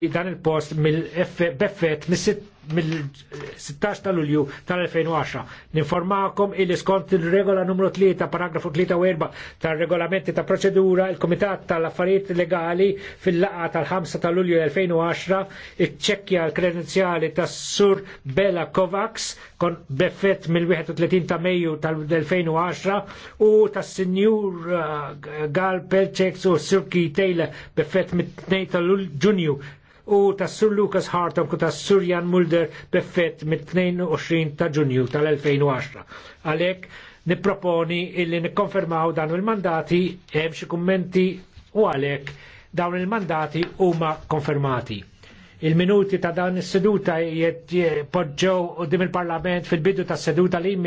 dan il-post mill-beffet mill-16 ta' Lulju tal-2010. Ninformakom il skont il-regola numru 3, paragrafu 3 u tal-regolamenti ta' proċedura, il-Komitat tal-Affarijiet Legali fil-laqa tal-5 ta' Lulju 2010 iċċekkja l-kredenzjali ta' Sur Bela Kovacs kon beffet mill-31 ta' Mejju tal-2010 u ta' Sinjur eh, Gal Pelċek u Sirki Tejle beffet mill 2 ta' Ġunju u ta' Sur Lucas Hartog u ta' Sur Jan Mulder beffett mit-22 ta' ġunju tal-2010. Għalek niproponi illi nikkonfermaw dan il-mandati hemm xi kummenti u għalek dawn il-mandati huma konfermati. Il-minuti ta' dan is-seduta poġġew qudiem il-Parlament fil-bidu tas-seduta li